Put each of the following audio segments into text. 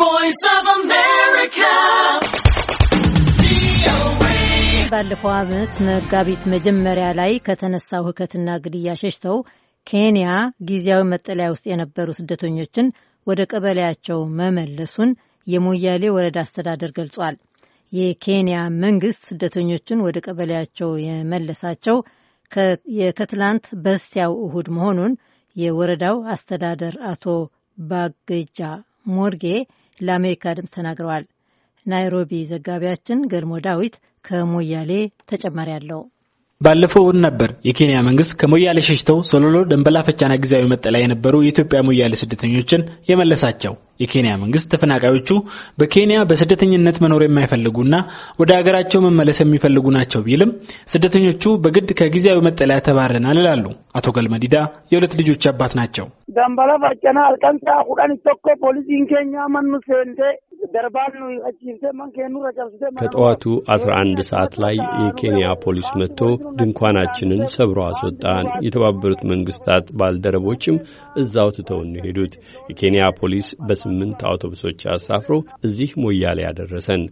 voice of America. ባለፈው ዓመት መጋቢት መጀመሪያ ላይ ከተነሳው ሁከትና ግድያ ሸሽተው ኬንያ ጊዜያዊ መጠለያ ውስጥ የነበሩ ስደተኞችን ወደ ቀበሌያቸው መመለሱን የሞያሌ ወረዳ አስተዳደር ገልጿል። የኬንያ መንግስት ስደተኞችን ወደ ቀበሌያቸው የመለሳቸው የከትላንት በስቲያው እሁድ መሆኑን የወረዳው አስተዳደር አቶ ባገጃ ሞርጌ ለአሜሪካ ድምፅ ተናግረዋል። ናይሮቢ ዘጋቢያችን ገልሞ ዳዊት ከሞያሌ ተጨማሪ አለው። ባለፈው እሁድ ነበር የኬንያ መንግስት ከሞያሌ ሸሽተው ሶሎሎ ደንበላ ፈቻና ጊዜያዊ መጠለያ የነበሩ የኢትዮጵያ ሞያሌ ስደተኞችን የመለሳቸው። የኬንያ መንግስት ተፈናቃዮቹ በኬንያ በስደተኝነት መኖር የማይፈልጉና ወደ ሀገራቸው መመለስ የሚፈልጉ ናቸው ቢልም ስደተኞቹ በግድ ከጊዜያዊ መጠለያ ተባረናል ይላሉ። አቶ ገልመዲዳ የሁለት ልጆች አባት ናቸው። ደንበላ ፈጨና አልቀንሳ ሁዳን ቶኮ ፖሊሲ ኬንያ መኑ ሴንቴ ከጠዋቱ አንድ ሰዓት ላይ የኬንያ ፖሊስ መጥቶ ድንኳናችንን ሰብሮ አስወጣን። የተባበሩት መንግስታት ባልደረቦችም እዛው ትተውን ሄዱት። የኬንያ ፖሊስ በስምንት አውቶቡሶች አሳፍሮ እዚህ ሞያሌ ያደረሰን።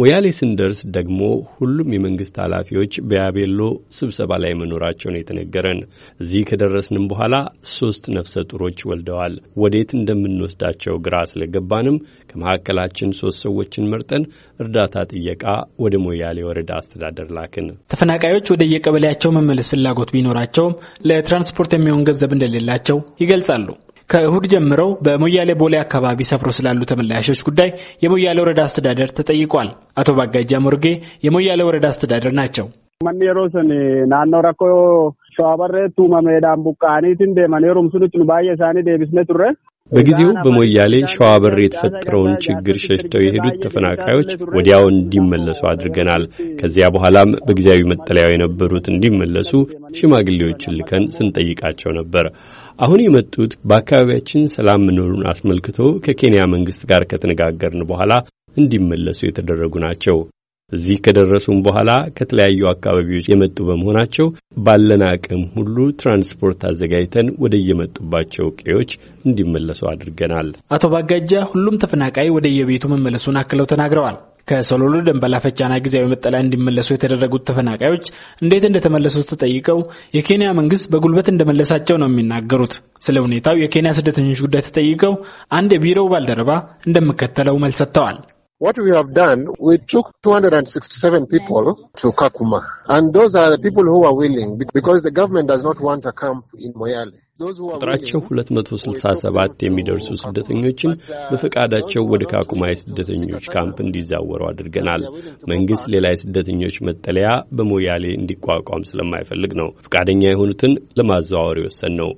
ሞያሌ ስንደርስ ደግሞ ሁሉም የመንግስት ኃላፊዎች በያቤሎ ስብሰባ ላይ መኖራቸውን የተነገረን። እዚህ ከደረስንም በኋላ ሶስት ነፍሰ ጡሮች ወልደዋል። ወዴት እንደምንወስዳቸው ግራ ስለገባንም ከመካከላችን ሶስት ሰዎችን መርጠን እርዳታ ጥየቃ ወደ ሞያሌ ወረዳ አስተዳደር ላክን። ተፈናቃዮች ወደ የቀበሌያቸው መመለስ ፍላጎት ቢኖራቸውም ለትራንስፖርት የሚሆን ገንዘብ እንደሌላቸው ይገልጻሉ። ከእሁድ ጀምረው በሞያሌ ቦሌ አካባቢ ሰፍሮ ስላሉ ተመላሾች ጉዳይ የሞያሌ ወረዳ አስተዳደር ተጠይቋል። አቶ ባጋጃ ሞርጌ የሞያሌ ወረዳ አስተዳደር ናቸው። መን የሮሰን ናኖ ረኮ ሸዋበሬ ቱመሜዳን ቡቃኒትን ደመኔሩም ስንችን ባየ ሳኒ ደቢስነ ቱረ በጊዜው በሞያሌ ሸዋበር የተፈጠረውን ችግር ሸሽተው የሄዱት ተፈናቃዮች ወዲያው እንዲመለሱ አድርገናል። ከዚያ በኋላም በጊዜያዊ መጠለያው የነበሩት እንዲመለሱ ሽማግሌዎችን ልከን ስንጠይቃቸው ነበር። አሁን የመጡት በአካባቢያችን ሰላም መኖሩን አስመልክቶ ከኬንያ መንግስት ጋር ከተነጋገርን በኋላ እንዲመለሱ የተደረጉ ናቸው። እዚህ ከደረሱም በኋላ ከተለያዩ አካባቢዎች የመጡ በመሆናቸው ባለን አቅም ሁሉ ትራንስፖርት አዘጋጅተን ወደ የመጡባቸው ቀዬዎች እንዲመለሱ አድርገናል። አቶ ባጋጃ ሁሉም ተፈናቃይ ወደ የቤቱ መመለሱን አክለው ተናግረዋል። ከሰሎሎ ደንበላ ፈቻና ጊዜያዊ መጠለያ እንዲመለሱ የተደረጉት ተፈናቃዮች እንዴት እንደተመለሱ ተጠይቀው የኬንያ መንግስት በጉልበት እንደመለሳቸው ነው የሚናገሩት። ስለ ሁኔታው የኬንያ ስደተኞች ጉዳይ ተጠይቀው አንድ የቢሮው ባልደረባ እንደሚከተለው መልስ ሰጥተዋል። What we have done, we took 267 people to Kakuma. And those are the people who are willing because the government does not want a camp in Moyale. ቁጥራቸው 267 የሚደርሱ ስደተኞችን በፈቃዳቸው ወደ ካኩማ የስደተኞች ካምፕ እንዲዛወሩ አድርገናል። መንግስት ሌላ የስደተኞች መጠለያ በሞያሌ እንዲቋቋም ስለማይፈልግ ነው ፈቃደኛ የሆኑትን ለማዘዋወር የወሰን ነው።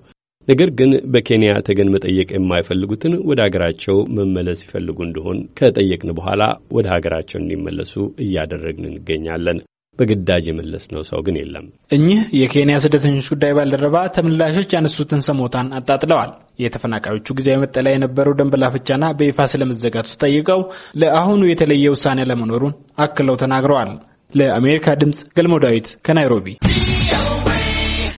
ነገር ግን በኬንያ ተገን መጠየቅ የማይፈልጉትን ወደ ሀገራቸው መመለስ ይፈልጉ እንደሆን ከጠየቅን በኋላ ወደ ሀገራቸው እንዲመለሱ እያደረግን እንገኛለን። በግዳጅ የመለስ ነው ሰው ግን የለም። እኚህ የኬንያ ስደተኞች ጉዳይ ባልደረባ ተመላሾች ያነሱትን ሰሞታን አጣጥለዋል። የተፈናቃዮቹ ጊዜያዊ መጠለያ የነበረው ደንበላ ፍቻና በይፋ ስለመዘጋቱ ጠይቀው ለአሁኑ የተለየ ውሳኔ አለመኖሩን አክለው ተናግረዋል። ለአሜሪካ ድምፅ ገልሞ ዳዊት ከናይሮቢ